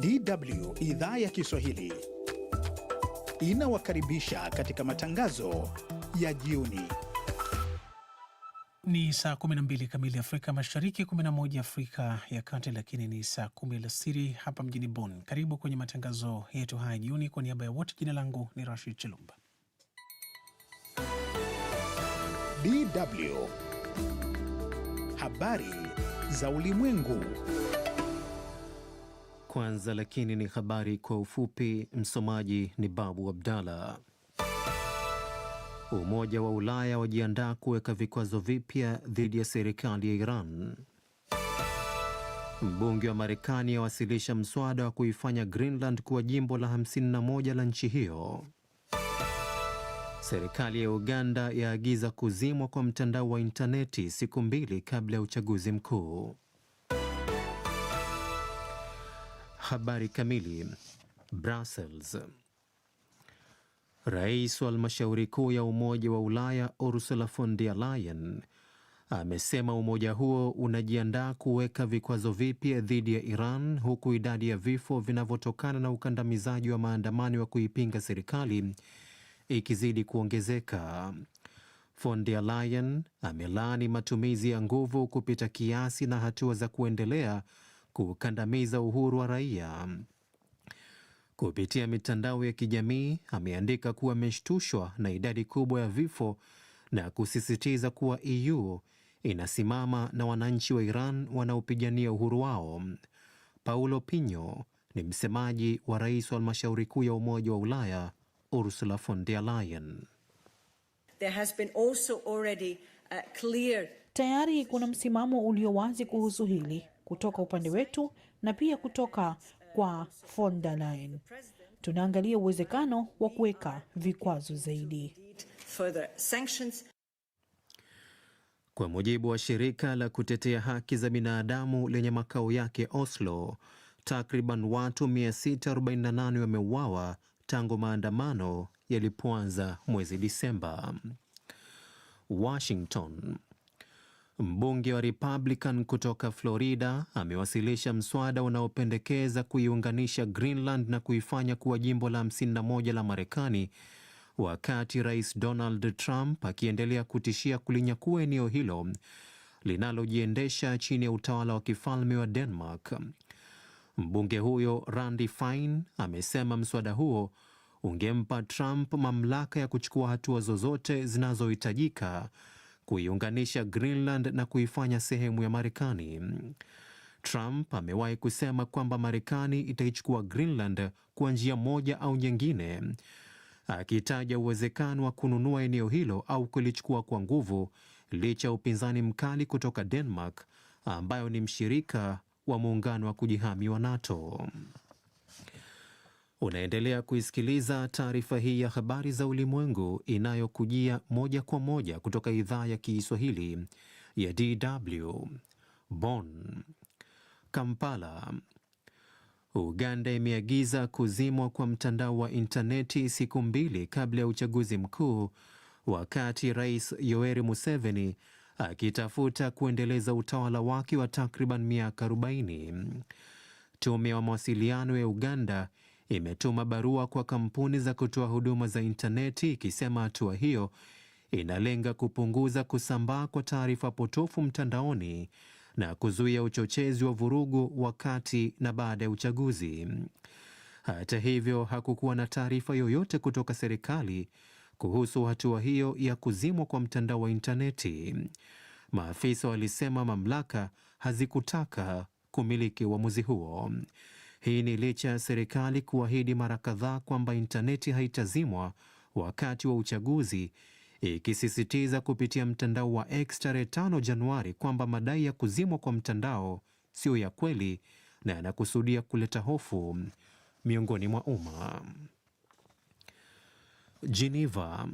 DW idhaa ya Kiswahili inawakaribisha katika matangazo ya jioni. Ni saa 12 kamili Afrika Mashariki, 11 Afrika ya Kati, lakini ni saa kumi alasiri hapa mjini Bonn. Karibu kwenye matangazo yetu haya jioni. Kwa niaba ya wote, jina langu ni Rashid Chilumba. DW habari za ulimwengu kwanza, lakini ni habari kwa ufupi. Msomaji ni Babu Abdalla. Umoja wa Ulaya wajiandaa kuweka vikwazo vipya dhidi ya serikali ya Iran. Mbunge wa Marekani awasilisha mswada wa kuifanya Greenland kuwa jimbo la 51 la nchi hiyo. Serikali ya Uganda yaagiza kuzimwa kwa mtandao wa intaneti siku mbili kabla ya uchaguzi mkuu. Habari kamili. Brussels. Rais wa halmashauri kuu ya Umoja wa Ulaya Ursula von der Leyen amesema umoja huo unajiandaa kuweka vikwazo vipya dhidi ya Iran huku idadi ya vifo vinavyotokana na ukandamizaji wa maandamano ya kuipinga serikali ikizidi kuongezeka. Von der Leyen amelaani matumizi ya nguvu kupita kiasi na hatua za kuendelea kukandamiza uhuru wa raia. Kupitia mitandao ya kijamii, ameandika kuwa ameshtushwa na idadi kubwa ya vifo na kusisitiza kuwa EU inasimama na wananchi wa Iran wanaopigania uhuru wao. Paulo Pinho ni msemaji wa rais wa halmashauri kuu ya Umoja wa Ulaya Ursula von der Leyen. There has been also already, uh, clear... Tayari kuna msimamo ulio wazi kuhusu hili kutoka upande wetu na pia kutoka kwa von der Leyen. Tunaangalia uwezekano wa kuweka vikwazo zaidi. Kwa mujibu wa shirika la kutetea haki za binadamu lenye makao yake Oslo, takriban watu 648 wameuawa tangu maandamano yalipoanza mwezi Disemba. Washington Mbunge wa Republican kutoka Florida amewasilisha mswada unaopendekeza kuiunganisha Greenland na kuifanya kuwa jimbo la 51 la Marekani, wakati Rais Donald Trump akiendelea kutishia kulinyakua eneo hilo linalojiendesha chini ya utawala wa kifalme wa Denmark. Mbunge huyo Randy Fine amesema mswada huo ungempa Trump mamlaka ya kuchukua hatua zozote zinazohitajika kuiunganisha Greenland na kuifanya sehemu ya Marekani. Trump amewahi kusema kwamba Marekani itaichukua Greenland kwa njia moja au nyingine, akitaja uwezekano wa kununua eneo hilo au kulichukua kwa nguvu, licha ya upinzani mkali kutoka Denmark ambayo ni mshirika wa muungano wa kujihami wa NATO. Unaendelea kuisikiliza taarifa hii ya habari za ulimwengu inayokujia moja kwa moja kutoka idhaa ya Kiswahili ya DW. Bonn, Kampala, Uganda imeagiza kuzimwa kwa mtandao wa intaneti siku mbili kabla ya uchaguzi mkuu, wakati Rais Yoweri Museveni akitafuta kuendeleza utawala wake wa takriban miaka 40. Tume ya mawasiliano ya Uganda imetuma barua kwa kampuni za kutoa huduma za intaneti ikisema hatua hiyo inalenga kupunguza kusambaa kwa taarifa potofu mtandaoni na kuzuia uchochezi wa vurugu wakati na baada ya uchaguzi. Hata hivyo, hakukuwa na taarifa yoyote kutoka serikali kuhusu hatua hiyo ya kuzimwa kwa mtandao wa intaneti. Maafisa walisema mamlaka hazikutaka kumiliki uamuzi huo. Hii ni licha ya serikali kuahidi mara kadhaa kwamba intaneti haitazimwa wakati wa uchaguzi, ikisisitiza kupitia mtandao wa X tarehe 5 Januari kwamba madai ya kuzimwa kwa mtandao sio ya kweli na yanakusudia kuleta hofu miongoni mwa umma. Geneva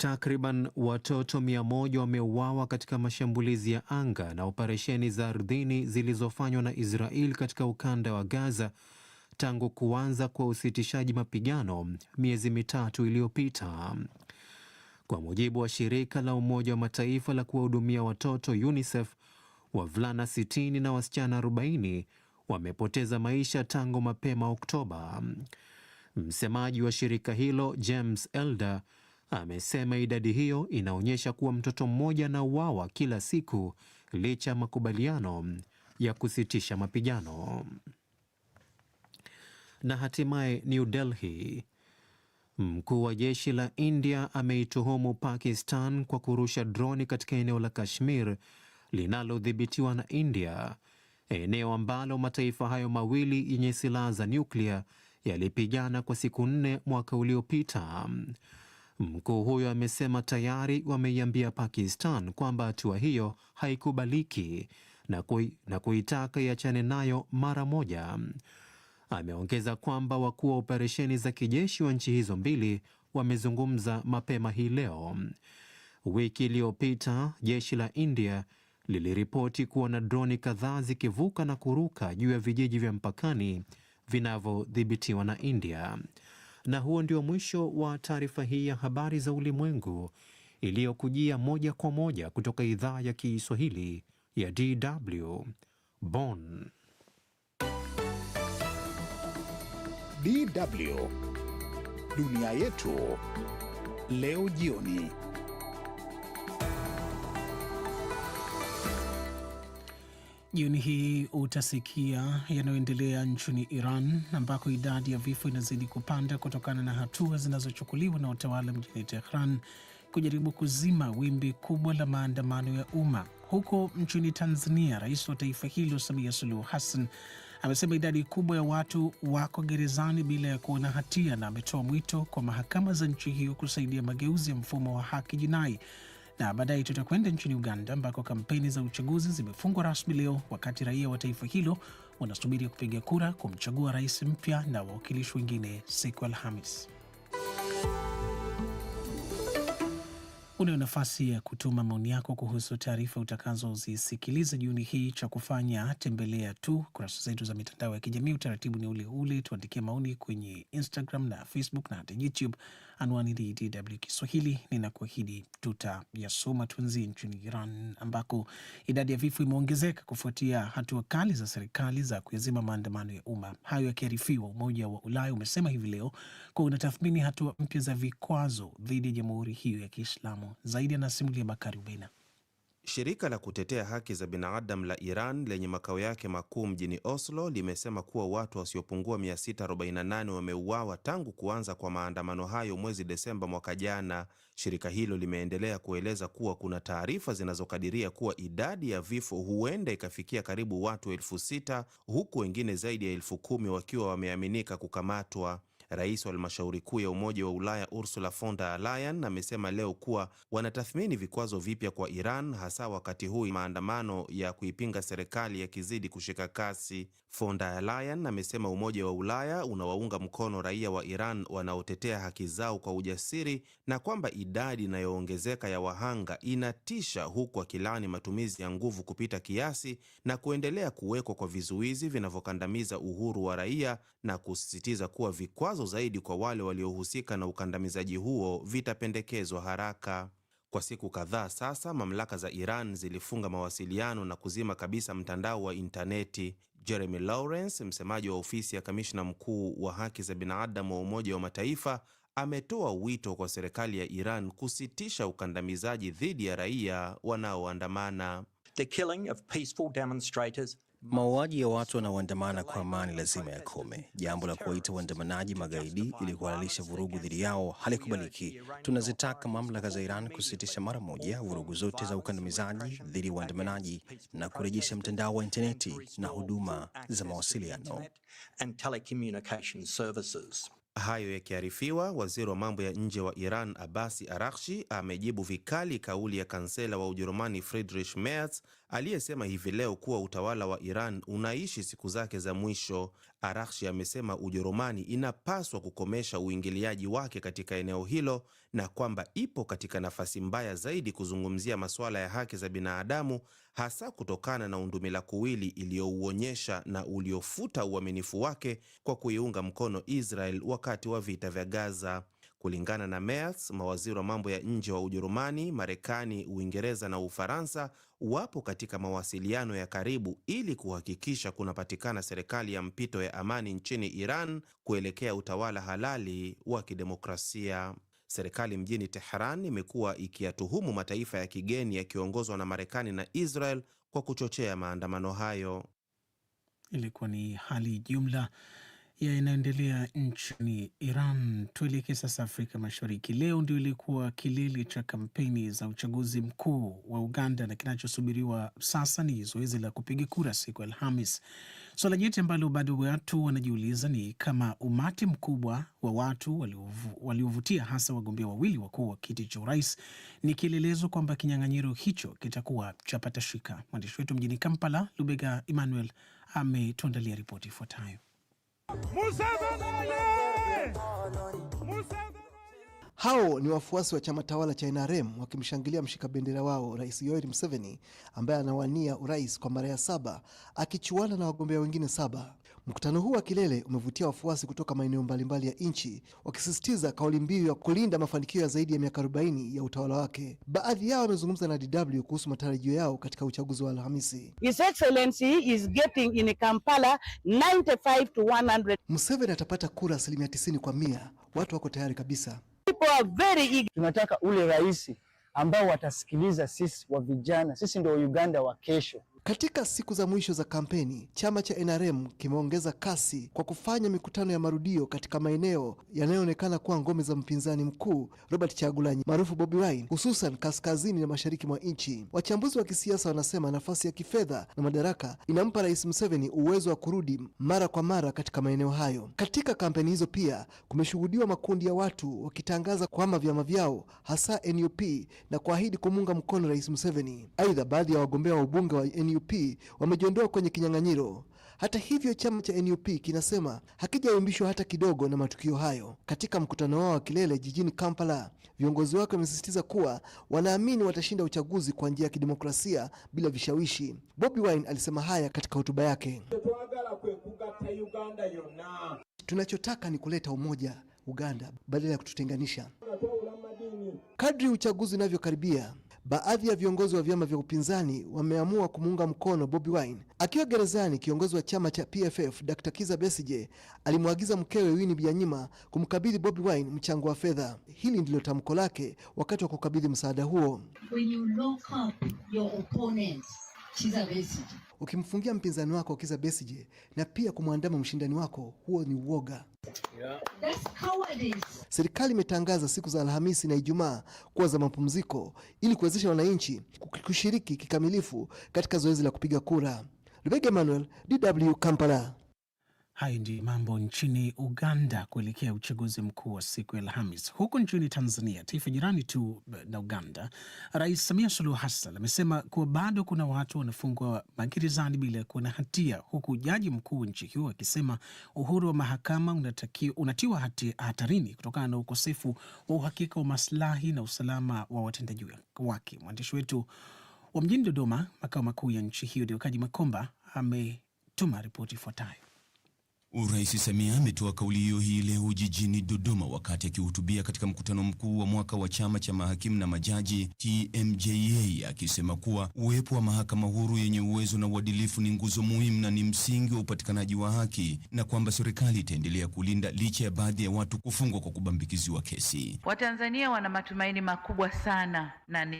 Takriban watoto mia moja wameuawa katika mashambulizi ya anga na operesheni za ardhini zilizofanywa na Israel katika ukanda wa Gaza tangu kuanza kwa usitishaji mapigano miezi mitatu iliyopita. Kwa mujibu wa shirika la Umoja wa Mataifa la kuwahudumia watoto UNICEF, wavulana 60 na wasichana 40 wamepoteza maisha tangu mapema Oktoba. Msemaji wa shirika hilo James Elder amesema idadi hiyo inaonyesha kuwa mtoto mmoja anauawa kila siku licha ya makubaliano ya kusitisha mapigano. Na hatimaye New Delhi, mkuu wa jeshi la India ameituhumu Pakistan kwa kurusha droni katika eneo la Kashmir linalodhibitiwa na India, eneo ambalo mataifa hayo mawili yenye silaha za nyuklia yalipigana kwa siku nne mwaka uliopita. Mkuu huyo amesema tayari wameiambia Pakistan kwamba hatua hiyo haikubaliki na, kui, na kuitaka iachane nayo mara moja. Ameongeza kwamba wakuu wa operesheni za kijeshi wa nchi hizo mbili wamezungumza mapema hii leo. Wiki iliyopita jeshi la India liliripoti kuona droni kadhaa zikivuka na kuruka juu ya vijiji vya mpakani vinavyodhibitiwa na India. Na huo ndio mwisho wa taarifa hii ya habari za ulimwengu iliyokujia moja kwa moja kutoka idhaa ya Kiswahili ya DW Bonn. DW Dunia Yetu Leo Jioni. Jioni hii utasikia yanayoendelea nchini Iran ambako idadi ya vifo inazidi kupanda kutokana na hatua zinazochukuliwa na utawala mjini Tehran kujaribu kuzima wimbi kubwa la maandamano ya umma. Huko nchini Tanzania, rais wa taifa hilo Samia Suluhu Hassan amesema idadi kubwa ya watu wako gerezani bila ya kuona hatia, na ametoa mwito kwa mahakama za nchi hiyo kusaidia mageuzi ya mfumo wa haki jinai. Na baadaye tutakwenda nchini Uganda ambako kampeni za uchaguzi zimefungwa rasmi leo, wakati raia wa taifa hilo wanasubiri kupiga kura kumchagua rais mpya na wawakilishi wengine siku Alhamis. Unayo nafasi ya kutuma maoni yako kuhusu taarifa utakazozisikiliza jioni hii. Cha kufanya tembelea tu kurasa zetu za mitandao ya kijamii. Utaratibu ni ule ule, tuandikie maoni kwenye Instagram na Facebook na hata YouTube anwani ni DW Kiswahili. Ninakuahidi tutayasoma tuanzie nchini Iran ambako idadi ya vifo imeongezeka kufuatia hatua kali za serikali za kuyazima maandamano ya umma. Hayo yakiarifiwa, Umoja wa Ulaya umesema hivi leo kuwa unatathmini hatua mpya za vikwazo dhidi ya jamhuri hiyo ya Kiislamu. Zaidi anasimulia Bakari Ubena. Shirika la kutetea haki za binadamu la Iran lenye makao yake makuu mjini Oslo limesema kuwa watu wasiopungua 648 wameuawa tangu kuanza kwa maandamano hayo mwezi Desemba mwaka jana. Shirika hilo limeendelea kueleza kuwa kuna taarifa zinazokadiria kuwa idadi ya vifo huenda ikafikia karibu watu elfu sita huku wengine zaidi ya elfu kumi wakiwa wameaminika kukamatwa. Rais wa halmashauri kuu ya Umoja wa Ulaya Ursula von der Leyen amesema leo kuwa wanatathmini vikwazo vipya kwa Iran, hasa wakati huu maandamano ya kuipinga serikali yakizidi kushika kasi. Von der Leyen amesema Umoja wa Ulaya unawaunga mkono raia wa Iran wanaotetea haki zao kwa ujasiri na kwamba idadi inayoongezeka ya wahanga inatisha, huku akilaani matumizi ya nguvu kupita kiasi na kuendelea kuwekwa kwa vizuizi vinavyokandamiza uhuru wa raia na kusisitiza kuwa vikwazo vikwazo zaidi kwa wale waliohusika na ukandamizaji huo vitapendekezwa haraka. Kwa siku kadhaa sasa, mamlaka za Iran zilifunga mawasiliano na kuzima kabisa mtandao wa intaneti. Jeremy Lawrence, msemaji wa ofisi ya kamishna mkuu wa haki za binadamu wa Umoja wa Mataifa, ametoa wito kwa serikali ya Iran kusitisha ukandamizaji dhidi ya raia wanaoandamana. The killing of peaceful demonstrators Mauaji ya watu wanaoandamana kwa amani lazima yakome. Jambo la kuwaita waandamanaji magaidi ili kuhalalisha vurugu dhidi yao halikubaliki. Tunazitaka mamlaka za Iran kusitisha mara moja vurugu zote za ukandamizaji dhidi ya waandamanaji na kurejesha mtandao wa intaneti na huduma za mawasiliano. Hayo yakiarifiwa, waziri wa mambo ya nje wa Iran Abasi Arakshi amejibu vikali kauli ya kansela wa Ujerumani Friedrich Merz aliyesema hivi leo kuwa utawala wa Iran unaishi siku zake za mwisho. Arakshi amesema Ujerumani inapaswa kukomesha uingiliaji wake katika eneo hilo na kwamba ipo katika nafasi mbaya zaidi kuzungumzia masuala ya haki za binadamu, hasa kutokana na undumila kuwili iliyouonyesha na uliofuta uaminifu wake kwa kuiunga mkono Israel wakati wa vita vya Gaza. Kulingana na Merz, mawaziri wa mambo ya nje wa Ujerumani, Marekani, Uingereza na Ufaransa wapo katika mawasiliano ya karibu ili kuhakikisha kunapatikana serikali ya mpito ya amani nchini Iran kuelekea utawala halali wa kidemokrasia. Serikali mjini Tehran imekuwa ikiyatuhumu mataifa ya kigeni yakiongozwa na Marekani na Israel kwa kuchochea maandamano hayo. Ilikuwa ni hali jumla yanayoendelea nchini Iran. Tuelekee sasa Afrika Mashariki. Leo ndio ilikuwa kilele cha kampeni za uchaguzi mkuu wa Uganda, na kinachosubiriwa sasa ni zoezi la kupiga kura siku Alhamis. Swala so nyeti ambalo bado watu wanajiuliza ni kama umati mkubwa wa watu waliovutia hasa wagombea wawili wakuu wa kiti cha urais ni kielelezo kwamba kinyang'anyiro hicho kitakuwa chapatashika. Mwandishi wetu mjini Kampala, Lubega Emmanuel, ametuandalia ripoti ifuatayo. Hao ni wafuasi wa chama tawala cha NRM wakimshangilia mshika bendera wao Rais Yoweri Museveni ambaye anawania urais kwa mara ya saba akichuana na wagombea wengine saba. Mkutano huu wa kilele umevutia wafuasi kutoka maeneo mbalimbali ya nchi wakisisitiza kauli mbiu ya kulinda mafanikio ya zaidi ya miaka 40 ya utawala wake. Baadhi yao wamezungumza na DW kuhusu matarajio yao katika uchaguzi wa Alhamisi. His Excellency is getting in Kampala 95 to 100. Museveni atapata kura asilimia 90 kwa mia. Watu wako tayari kabisa. People are very eager. Tunataka ule rais ambao watasikiliza sisi wa vijana, sisi ndio Uganda wa kesho. Katika siku za mwisho za kampeni, chama cha NRM kimeongeza kasi kwa kufanya mikutano ya marudio katika maeneo yanayoonekana kuwa ngome za mpinzani mkuu Robert Chagulanyi maarufu Bobi Wine, hususan kaskazini na mashariki mwa nchi. Wachambuzi wa kisiasa wanasema nafasi ya kifedha na madaraka inampa Rais Museveni uwezo wa kurudi mara kwa mara katika maeneo hayo. Katika kampeni hizo pia kumeshuhudiwa makundi ya watu wakitangaza kuhama vyama vyao, hasa NUP na kuahidi kumuunga mkono Rais Museveni. Aidha, baadhi ya wagombea wa ubunge wa NUP NUP wamejiondoa kwenye kinyang'anyiro. Hata hivyo, chama cha NUP kinasema hakijaumbishwa hata kidogo na matukio hayo. Katika mkutano wao wa kilele jijini Kampala, viongozi wake wamesisitiza kuwa wanaamini watashinda uchaguzi kwa njia ya kidemokrasia bila vishawishi. Bobi Wine alisema haya katika hotuba yake. Tunachotaka ni kuleta umoja Uganda badala ya kututenganisha. Kadri uchaguzi unavyokaribia Baadhi ya viongozi wa vyama vya upinzani wameamua kumuunga mkono Bobi Wine. Akiwa gerezani, kiongozi wa chama cha PFF Dr. Kiza Besije alimwagiza mkewe Winnie Byanyima kumkabidhi Bobi Wine mchango wa fedha. Hili ndilo tamko lake wakati wa kukabidhi msaada huo. When you lock up your Kiza Besije, ukimfungia mpinzani wako Kiza Besije na pia kumwandama mshindani wako, huo ni uoga. Serikali imetangaza siku za Alhamisi na Ijumaa kuwa za mapumziko ili kuwezesha wananchi kushiriki kikamilifu katika zoezi la kupiga kura. Lubega Emmanuel, DW Kampala. Hayo ndiyo mambo nchini Uganda kuelekea uchaguzi mkuu wa siku ya Alhamis. Huku nchini Tanzania, taifa jirani tu eh, na Uganda, Rais Samia Suluhu Hassan amesema kuwa bado kuna watu wanafungwa magerezani bila ya kuwa na hatia, huku jaji mkuu wa nchi hiyo akisema uhuru wa mahakama unatiwa hatarini kutokana na ukosefu wa uhakika wa maslahi na usalama wa watendaji wake. Mwandishi wetu wa mjini Dodoma, makao makuu ya nchi hiyo, Deukaji Makomba ametuma ripoti ifuatayo. Rais Samia ametoa kauli hiyo hii leo jijini Dodoma wakati akihutubia katika mkutano mkuu wa mwaka wa chama cha mahakimu na majaji TMJA, akisema kuwa uwepo wa mahakama huru yenye uwezo na uadilifu ni nguzo muhimu na ni msingi wa upatikanaji wa haki na kwamba serikali itaendelea kulinda licha ya baadhi ya watu kufungwa kwa kubambikiziwa kesi. Watanzania wana matumaini makubwa sana na ni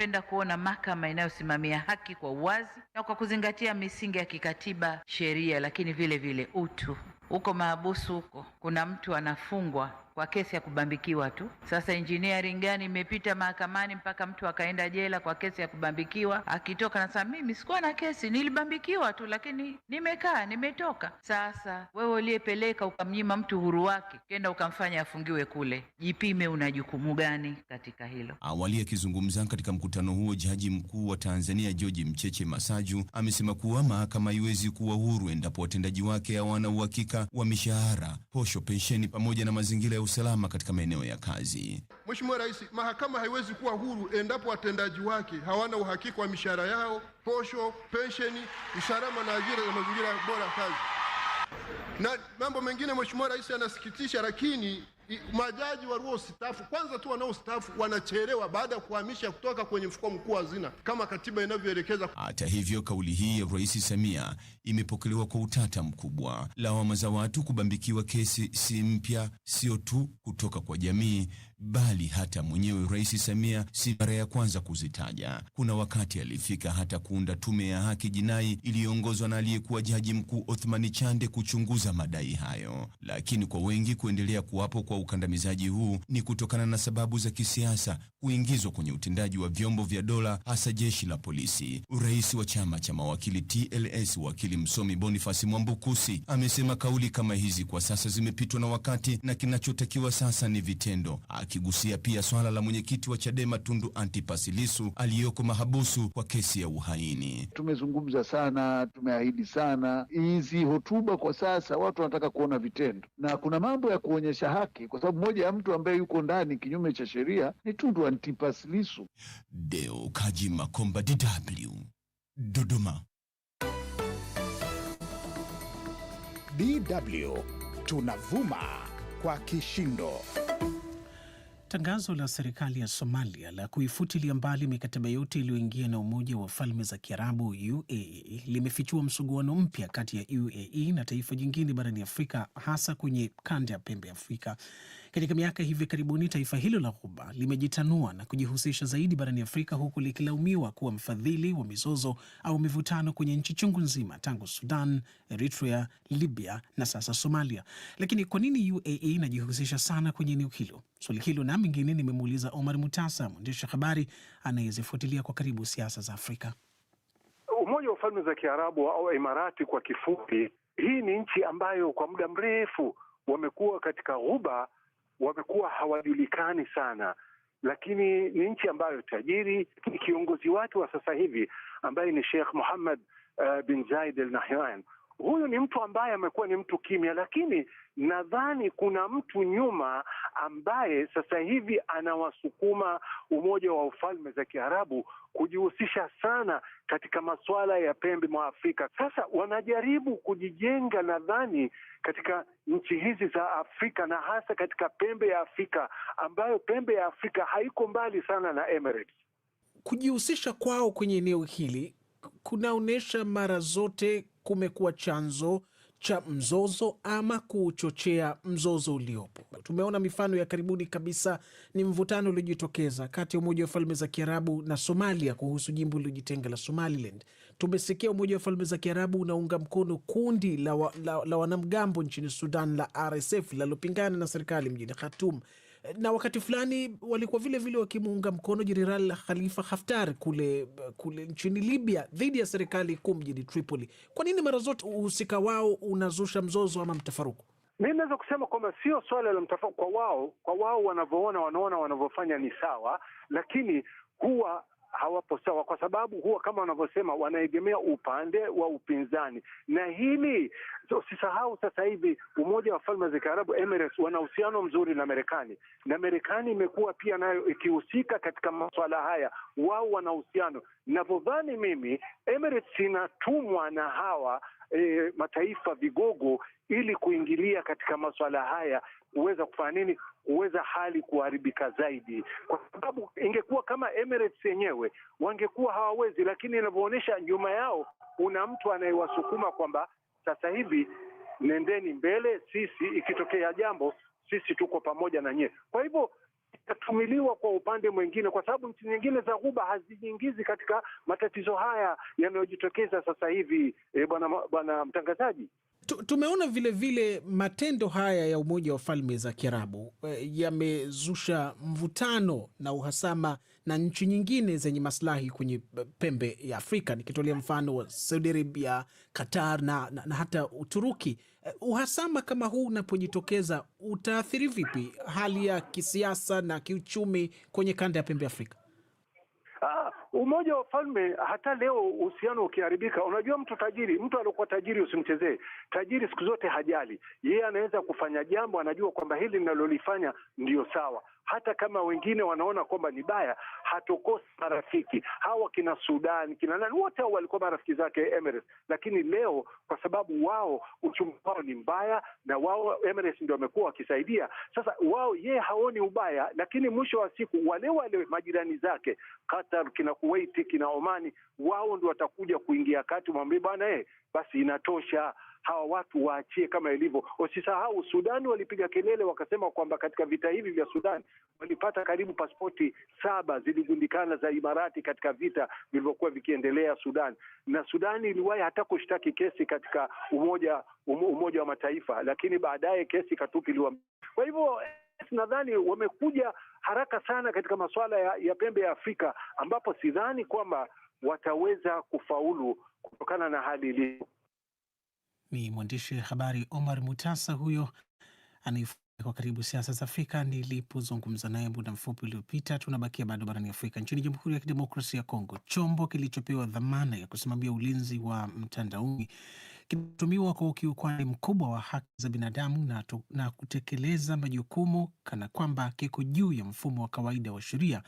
penda kuona mahakama inayosimamia haki kwa uwazi na kwa kuzingatia misingi ya kikatiba, sheria, lakini vile vile utu. Huko mahabusu huko kuna mtu anafungwa kwa kesi ya kubambikiwa tu. Sasa engineering gani imepita mahakamani mpaka mtu akaenda jela kwa kesi ya kubambikiwa, akitoka nasema mimi sikuwa na kesi, nilibambikiwa tu, lakini nimekaa nimetoka. Sasa wewe uliyepeleka ukamnyima mtu uhuru wake, kenda ukamfanya afungiwe kule, jipime una jukumu gani katika hilo. Awali akizungumza katika mkutano huo, jaji mkuu wa Tanzania George Mcheche Masaju amesema kuwa mahakama haiwezi kuwa huru endapo watendaji wake hawana uhakika wa mishahara, posho, pensheni pamoja na mazingira ya usalama katika maeneo ya kazi. Mheshimiwa Rais, mahakama haiwezi kuwa huru endapo watendaji wake hawana uhakika wa mishahara yao, posho, pensheni, usalama na ajira za mazingira bora ya kazi na mambo mengine. Mheshimiwa Rais, anasikitisha lakini majaji waliostaafu kwanza tu wanao wanaostaafu wanachelewa baada ya kuhamisha kutoka kwenye mfuko mkuu wa hazina kama katiba inavyoelekeza. Hata hivyo, kauli hii ya Rais Samia imepokelewa kwa utata mkubwa. Lawama za watu kubambikiwa kesi si mpya, sio tu kutoka kwa jamii, bali hata mwenyewe Rais Samia si mara ya kwanza kuzitaja. Kuna wakati alifika hata kuunda tume ya haki jinai iliyoongozwa na aliyekuwa Jaji Mkuu Othmani Chande kuchunguza madai hayo, lakini kwa wengi kuendelea kuwapo kwa ukandamizaji huu ni kutokana na sababu za kisiasa kuingizwa kwenye utendaji wa vyombo vya dola, hasa jeshi la polisi. Rais wa chama cha mawakili TLS wakili Mfadhili msomi Boniface Mwambukusi amesema kauli kama hizi kwa sasa zimepitwa na wakati na kinachotakiwa sasa ni vitendo, akigusia pia swala la mwenyekiti wa Chadema Tundu Antipas Lissu aliyoko mahabusu kwa kesi ya uhaini. Tumezungumza sana, tumeahidi sana. Hizi hotuba kwa sasa watu wanataka kuona vitendo, na kuna mambo ya kuonyesha haki, kwa sababu moja ya mtu ambaye yuko ndani kinyume cha sheria ni Tundu Antipas Lissu. Deo Kaji Makomba, DW, Dodoma. DW tunavuma kwa kishindo. Tangazo la serikali ya Somalia la kuifutilia mbali mikataba yote iliyoingia na Umoja wa Falme za Kiarabu UAE limefichua msuguano mpya kati ya UAE na taifa jingine barani Afrika, hasa kwenye kanda ya pembe Afrika. Katika miaka hivi karibuni, taifa hilo la Ghuba limejitanua na kujihusisha zaidi barani Afrika, huku likilaumiwa kuwa mfadhili wa mizozo au mivutano kwenye nchi chungu nzima tangu Sudan, Eritrea, Libya na sasa Somalia. Lakini kwa nini UAE inajihusisha sana kwenye eneo hilo? Swali hilo na mingine nimemuuliza Omar Mutasa, mwandishi wa habari anayezifuatilia kwa karibu siasa za Afrika. Umoja wa Falme za Kiarabu au Imarati kwa kifupi, hii ni nchi ambayo kwa muda mrefu wamekuwa katika ghuba, wamekuwa hawajulikani sana, lakini ni nchi ambayo tajiri. Kiongozi wake wa sasa hivi ambaye ni Sheikh Muhammad uh, eh, bin Zayed Al Nahyan huyu ni mtu ambaye amekuwa ni mtu kimya, lakini nadhani kuna mtu nyuma ambaye sasa hivi anawasukuma Umoja wa ufalme za Kiarabu kujihusisha sana katika masuala ya pembe mwa Afrika. Sasa wanajaribu kujijenga, nadhani katika nchi hizi za Afrika na hasa katika pembe ya Afrika ambayo pembe ya Afrika haiko mbali sana na Emirates. Kujihusisha kwao kwenye eneo hili kunaonyesha mara zote kumekuwa chanzo cha mzozo ama kuchochea mzozo uliopo. Tumeona mifano ya karibuni kabisa ni mvutano uliojitokeza kati ya Umoja wa Falme za Kiarabu na Somalia kuhusu jimbo lililojitenga la Somaliland. Tumesikia Umoja wa Falme za Kiarabu unaunga mkono kundi la, wa, la, la wanamgambo nchini Sudan la RSF linalopingana na serikali mjini Khartoum na wakati fulani walikuwa vile vile wakimuunga mkono Jeneral Khalifa Haftar kule, kule nchini Libya dhidi ya serikali kuu mjini Tripoli. Kwa nini mara zote uhusika wao unazusha mzozo ama mtafaruku? mi naweza kusema kwamba sio swala la mtafaruku kwa wao, kwa wao wanavyoona, wanaona wanavyofanya ni sawa, lakini huwa hawapo sawa, kwa sababu huwa kama wanavyosema wanaegemea upande wa upinzani, na hili usisahau, sisahau sasa hivi Umoja wa Falme za Kiarabu Emirates wana uhusiano mzuri na Marekani, na Marekani imekuwa pia nayo ikihusika katika maswala haya, wao wana uhusiano. Navyodhani mimi Emirates inatumwa na hawa E, mataifa vigogo ili kuingilia katika masuala haya kuweza kufanya nini, kuweza hali kuharibika zaidi, kwa sababu ingekuwa kama Emirates yenyewe wangekuwa hawawezi, lakini inavyoonyesha nyuma yao kuna mtu anayewasukuma kwamba sasa hivi nendeni mbele, sisi ikitokea jambo sisi tuko pamoja na nyewe. Kwa hivyo itatumiliwa kwa upande mwingine, kwa sababu nchi nyingine za Ghuba hazijiingizi katika matatizo haya yanayojitokeza sasa hivi. E, bwana bwana mtangazaji. Tumeona vile vile matendo haya ya Umoja wa Falme za Kiarabu eh, yamezusha mvutano na uhasama na nchi nyingine zenye maslahi kwenye pembe ya Afrika, nikitolea mfano wa Saudi Arabia, Qatar na, na, na hata Uturuki. Eh, uhasama kama huu unapojitokeza utaathiri vipi hali ya kisiasa na kiuchumi kwenye kanda ya pembe ya Afrika? Umoja wa Falme, hata leo uhusiano ukiharibika, unajua mtu tajiri, mtu aliokuwa tajiri usimchezee. Tajiri siku zote hajali, yeye anaweza kufanya jambo, anajua kwamba hili linalolifanya ndio sawa hata kama wengine wanaona kwamba ni baya, hatokosa marafiki. Hawa kina Sudan kina nani, wote hao walikuwa marafiki zake Emirates, lakini leo kwa sababu wao uchumi wao ni mbaya, na wao Emirates ndio wamekuwa wakisaidia. Sasa wao yee haoni ubaya, lakini mwisho wa siku wale wale majirani zake Qatar kina Kuwaiti kina Omani, wao ndio watakuja kuingia kati, mwambie bwana eh, basi inatosha hawa watu waachie kama ilivyo. Usisahau Sudani walipiga kelele wakasema kwamba katika vita hivi vya Sudani walipata karibu pasipoti saba ziligundikana za Imarati katika vita vilivyokuwa vikiendelea Sudani, na Sudani iliwahi hata kushtaki kesi katika umoja Umoja wa Mataifa, lakini baadaye kesi ikatupiliwa. Kwa hivyo eh, nadhani wamekuja haraka sana katika masuala ya, ya pembe ya Afrika ambapo sidhani kwamba wataweza kufaulu kutokana na hali ilivyo. Ni mwandishi wa habari Omar Mutasa huyo anayefuatilia kwa karibu siasa za Afrika. Nilipozungumza naye muda mfupi uliopita. Tunabakia bado barani Afrika, nchini Jamhuri ya Kidemokrasia ya Kongo, chombo kilichopewa dhamana ya kusimamia ulinzi wa mtandaoni kinatumiwa kwa ukiukwaji mkubwa wa haki za binadamu na, to, na kutekeleza majukumu kana kwamba kiko juu ya mfumo wa kawaida wa sheria.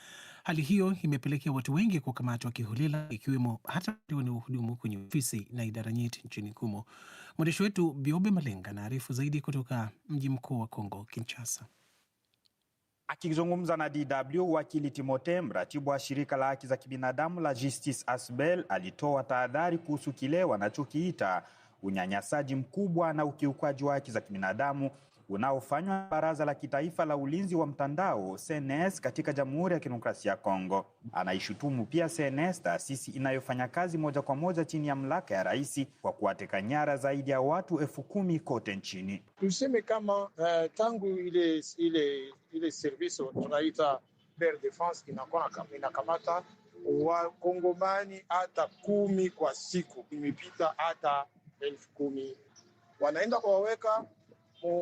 Hali hiyo imepelekea watu wengi kukamatwa kiholela, ikiwemo hata wanaohudumu kwenye ofisi na idara nyeti nchini humo. Mwandishi wetu Biobe Malenga anaarifu zaidi kutoka mji mkuu wa Kongo, Kinshasa. Akizungumza na DW, wakili Timote, mratibu wa shirika la haki za kibinadamu la Justice Asbel, alitoa tahadhari kuhusu kile wanachokiita unyanyasaji mkubwa na ukiukwaji wa haki za kibinadamu unaofanywa na Baraza la Kitaifa la Ulinzi wa Mtandao CNS katika Jamhuri ya Kidemokrasia ya Kongo. Anaishutumu pia CNS, taasisi inayofanya kazi moja kwa moja chini ya mamlaka ya rais, kwa kuwateka nyara zaidi ya watu elfu kumi kote nchini. Tuseme kama uh, tangu ile ile ile service tunaita Ber Defense inakuwa inakamata wakongomani hata kumi kwa siku, imepita hata elfu kumi wanaenda kuwaweka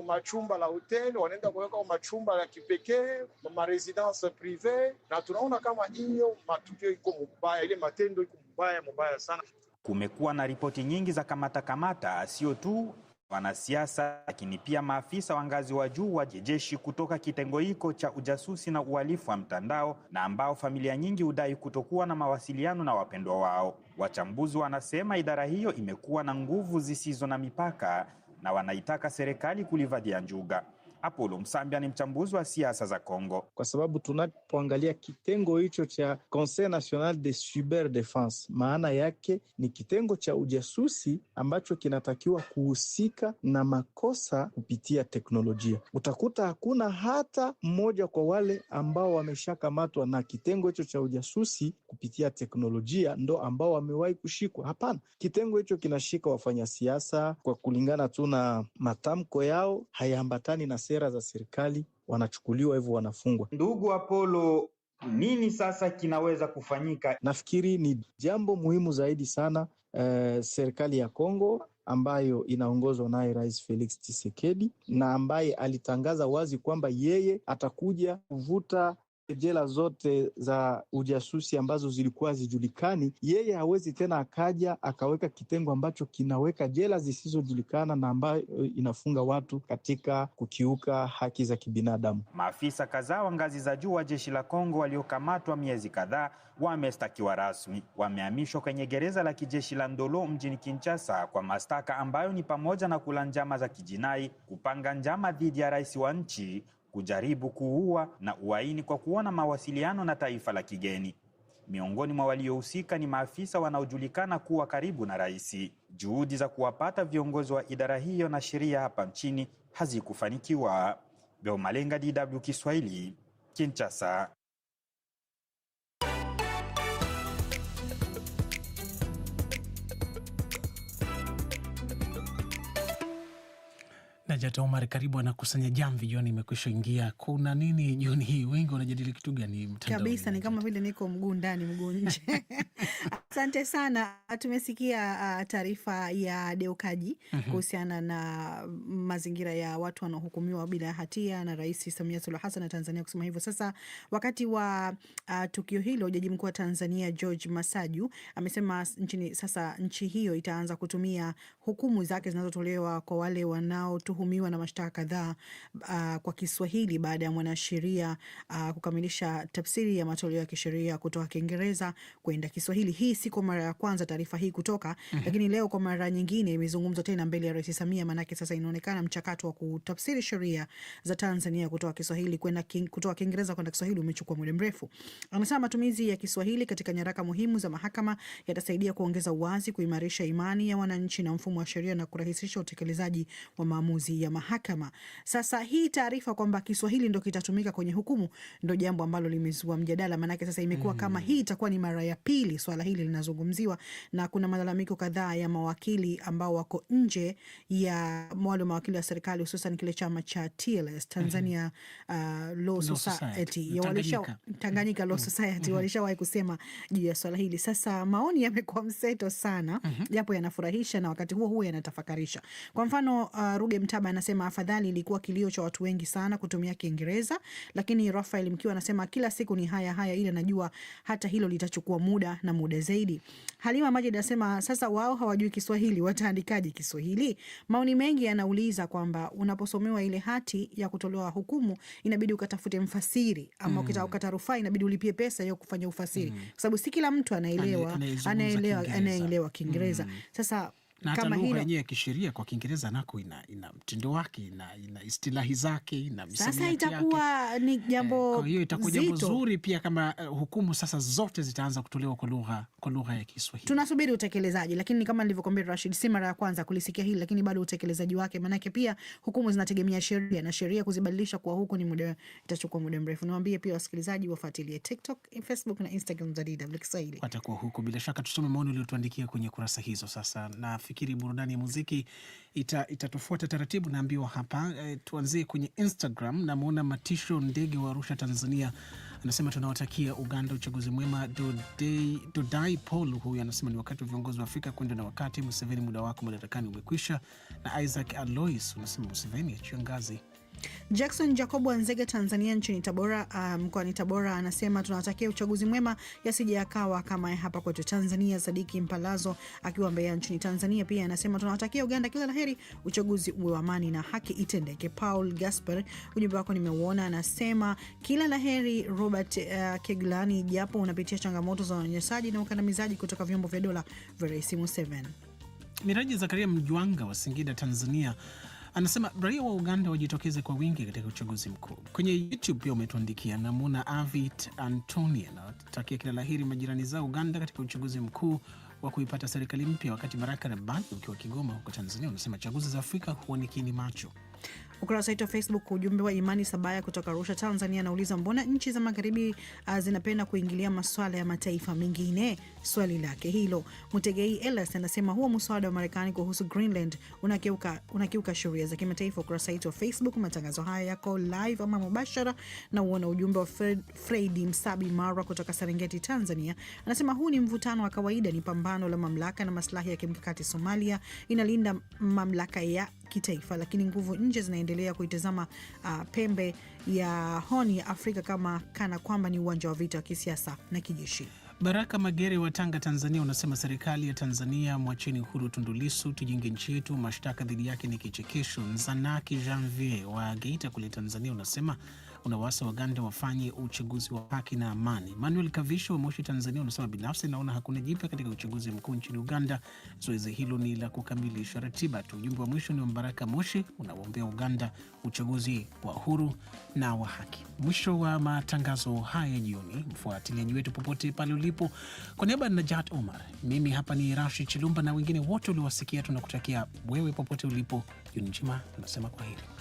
machumba la hotel, wanaenda kuweka machumba la kipekee maresidence prive, na tunaona kama hiyo matukio iko mubaya, ile matendo iko mubaya mubaya sana. Kumekuwa na ripoti nyingi za kamata kamata, sio tu wanasiasa lakini pia maafisa wa ngazi wa juu wa jejeshi kutoka kitengo hiko cha ujasusi na uhalifu wa mtandao na ambao familia nyingi hudai kutokuwa na mawasiliano na wapendwa wao. Wachambuzi wanasema idara hiyo imekuwa na nguvu zisizo na mipaka na wanaitaka serikali kulivadia njuga. Apolo Msambia ni mchambuzi wa siasa za Kongo. Kwa sababu tunapoangalia kitengo hicho cha Conseil National de Cyber Defense, maana yake ni kitengo cha ujasusi ambacho kinatakiwa kuhusika na makosa kupitia teknolojia. Utakuta hakuna hata mmoja kwa wale ambao wameshakamatwa na kitengo hicho cha ujasusi kupitia teknolojia ndo ambao wamewahi kushikwa. Hapana, kitengo hicho kinashika wafanyasiasa kwa kulingana tu na matamko yao, hayaambatani na sera za serikali wanachukuliwa hivyo wanafungwa. Ndugu Apollo, nini sasa kinaweza kufanyika? Nafikiri ni jambo muhimu zaidi sana eh, serikali ya Kongo ambayo inaongozwa naye Rais Felix Tshisekedi na ambaye alitangaza wazi kwamba yeye atakuja kuvuta jela zote za ujasusi ambazo zilikuwa hazijulikani, yeye hawezi tena akaja akaweka kitengo ambacho kinaweka jela zisizojulikana na ambayo inafunga watu katika kukiuka haki za kibinadamu. Maafisa kadhaa wa ngazi za juu wa jeshi la Kongo waliokamatwa miezi kadhaa wamestakiwa rasmi, wamehamishwa kwenye gereza la kijeshi la Ndolo mjini Kinshasa kwa mashtaka ambayo ni pamoja na kula njama za kijinai, kupanga njama dhidi ya rais wa nchi kujaribu kuua na uaini kwa kuona mawasiliano na taifa la kigeni. Miongoni mwa waliohusika ni maafisa wanaojulikana kuwa karibu na rais. Juhudi za kuwapata viongozi wa idara hiyo na sheria hapa nchini hazikufanikiwa. Beo Malenga, DW Kiswahili, Kinshasa. Najat Omar, karibu anakusanya jamvi. Jioni imekwisha ingia, kuna nini jioni hii? Wengi wanajadili kitu gani mtandaoni? Kabisa ni kama vile niko mguu ndani mguu nje. Asante sana. Tumesikia uh, taarifa ya Deukaji mm -hmm. kuhusiana na mazingira ya watu wanaohukumiwa bila hatia na Rais Samia Suluhu Hassan na Tanzania kusema hivyo. Sasa wakati wa uh, tukio hilo, jaji mkuu wa Tanzania George Masaju amesema nchini sasa nchi hiyo itaanza kutumia hukumu zake zinazotolewa kwa wale wanao anatuhumiwa na mashtaka kadhaa uh, kwa Kiswahili baada ya mwanasheria uh, kukamilisha tafsiri ya matoleo ya kisheria kutoka Kiingereza kwenda Kiswahili. Hii si kwa mara ya kwanza taarifa hii kutoka mm -hmm. Lakini leo kwa mara nyingine imezungumzwa tena mbele ya Rais Samia, maanake sasa inaonekana mchakato wa kutafsiri sheria za Tanzania kutoka Kiswahili kwenda kutoka Kiingereza kwenda Kiswahili umechukua muda mrefu. Anasema matumizi ya Kiswahili katika nyaraka muhimu za mahakama yatasaidia kuongeza uwazi, kuimarisha imani ya wananchi na mfumo wa sheria na kurahisisha utekelezaji wa maamuzi maamuzi ya mahakama. Sasa hii taarifa kwamba Kiswahili ndo kitatumika kwenye hukumu ndo jambo ambalo limezua mjadala, maanake sasa imekuwa mm, kama hii itakuwa ni mara ya pili swala hili linazungumziwa, na kuna malalamiko kadhaa ya mawakili ambao wako nje ya wale mawakili wa serikali, hususan kile chama cha TLS mhm. Tanzania uh, Law Society ya walisha Tanganyika Law mm. Society mm. walishawahi kusema juu ya swala hili. Sasa maoni yamekuwa mseto sana, mhm. japo yanafurahisha na wakati huo huo yanatafakarisha. Kwa mfano uh, Ruge Mtaba Mkataba anasema afadhali ilikuwa kilio cha watu wengi sana kutumia Kiingereza, lakini Rafael Mkiwa anasema kila siku ni haya haya, ila najua hata hilo litachukua muda na muda zaidi. Halima Majid anasema sasa wao hawajui Kiswahili, wataandikaje Kiswahili? Maoni mengi yanauliza kwamba unaposomewa ile hati ya kutolewa hukumu inabidi ukatafute mfasiri ama mm. ukata rufaa inabidi ulipie pesa ya kufanya ufasiri mm. kwa sababu si kila mtu anaelewa anaelewa anaelewa Kiingereza mm. sasa na hata lugha yenyewe ya kisheria kwa Kiingereza nako ina, ina mtindo wake ina, ina istilahi zake ina sasa, itakuwa ni jambo eh, kwa hiyo itakuwa jambo zuri pia kama eh, hukumu sasa zote zitaanza kutolewa kwa lugha kwa lugha ya Kiswahili. Tunasubiri utekelezaji, lakini kama nilivyokuambia Rashid, si mara ya kwanza kulisikia hili, lakini bado utekelezaji wake, maanake pia hukumu zinategemea sheria na sheria kuzibadilisha kwa huku ni muda itachukua muda mrefu. Niwaambie pia wasikilizaji wafuatilie TikTok, Facebook na Instagram za DW Kiswahili, watakuwa huko bila shaka. Tusome maoni uliotuandikia kwenye kurasa hizo sasa na nafikiri burudani ya muziki itatofuata ita taratibu. Naambiwa hapa e, tuanzie kwenye Instagram. Namwona Matisho Ndege wa Arusha, Tanzania, anasema tunawatakia Uganda uchaguzi mwema. Dodai, Dodai Paul huyu anasema ni wakati wa viongozi wa Afrika kwenda na wakati. Museveni, muda wako madarakani umekwisha. Na Isaac Alois unasema Museveni achia ngazi. Jackson Jacob wa Tanzania, nchini Tabora, ah, mkoani um, Tabora, anasema tunawatakia uchaguzi mwema, yasije yakawa kama hapa kwetu Tanzania. Sadiki Mpalazo akiwa Mbeya nchini Tanzania pia anasema tunawatakia Uganda kila la heri, uchaguzi uwe amani na haki itendeke. Paul Gasper, ujumbe wako nimeuona, anasema kila la heri Robert uh, ah, Keglani, japo unapitia changamoto za unyanyasaji na ukandamizaji kutoka vyombo vya dola vya Rais Museveni. Miraji Zakaria Mjwanga wa Singida, Tanzania anasema raia wa Uganda wajitokeze kwa wingi katika uchaguzi mkuu. Kwenye YouTube pia umetuandikia, namuna Avit Antoni anatakia kila hiri majirani zao Uganda katika uchaguzi mkuu wa kuipata serikali mpya. Wakati Baraka Rabani ukiwa Kigoma huko Tanzania unasema chaguzi za Afrika huonekini macho Ukurasa wetu wa Facebook, ujumbe wa Imani Sabaya kutoka Arusha, Tanzania, anauliza mbona nchi za magharibi uh, zinapenda kuingilia maswala ya mataifa mengine? Swali lake hilo. Mtegei Elas anasema huo mswada wa Marekani kuhusu Greenland unakiuka, unakiuka sheria za kimataifa. Ukurasa wetu wa Facebook, matangazo haya yako live ama mubashara na uona ujumbe wa Fred, Fredi Msabi Mara kutoka Serengeti, Tanzania, anasema huu ni mvutano wa kawaida, ni pambano la mamlaka na maslahi ya kimkakati. Somalia inalinda mamlaka ya kitaifa, lakini nguvu nje zinaendelea kuitazama uh, pembe ya honi ya Afrika kama kana kwamba ni uwanja wa vita wa kisiasa na kijeshi. Baraka Magere wa Tanga, Tanzania, unasema serikali ya Tanzania, mwacheni uhuru tundulisu tujinge tujenge nchi yetu. Mashtaka dhidi yake ni kichekesho. Nzanaki Janvier wa Geita kule Tanzania unasema unawasa Waganda wafanye uchaguzi wa haki na amani. Manuel Kavisho wa Moshi, Tanzania, unasema binafsi naona hakuna jipya katika uchaguzi mkuu nchini Uganda. Zoezi hilo ni la kukamilisha ratiba tu. Ujumbe wa mwisho ni wa Mbaraka Moshi, unawaombea Uganda uchaguzi wa huru na wa haki. Mwisho wa matangazo haya jioni, mfuatiliaji wetu popote pale ulipo, kwa niaba ya Najat Omar, mimi hapa ni Rashi Chilumba na wengine wote uliwasikia, tunakutakia wewe popote ulipo jioni njema, tunasema kwa heri.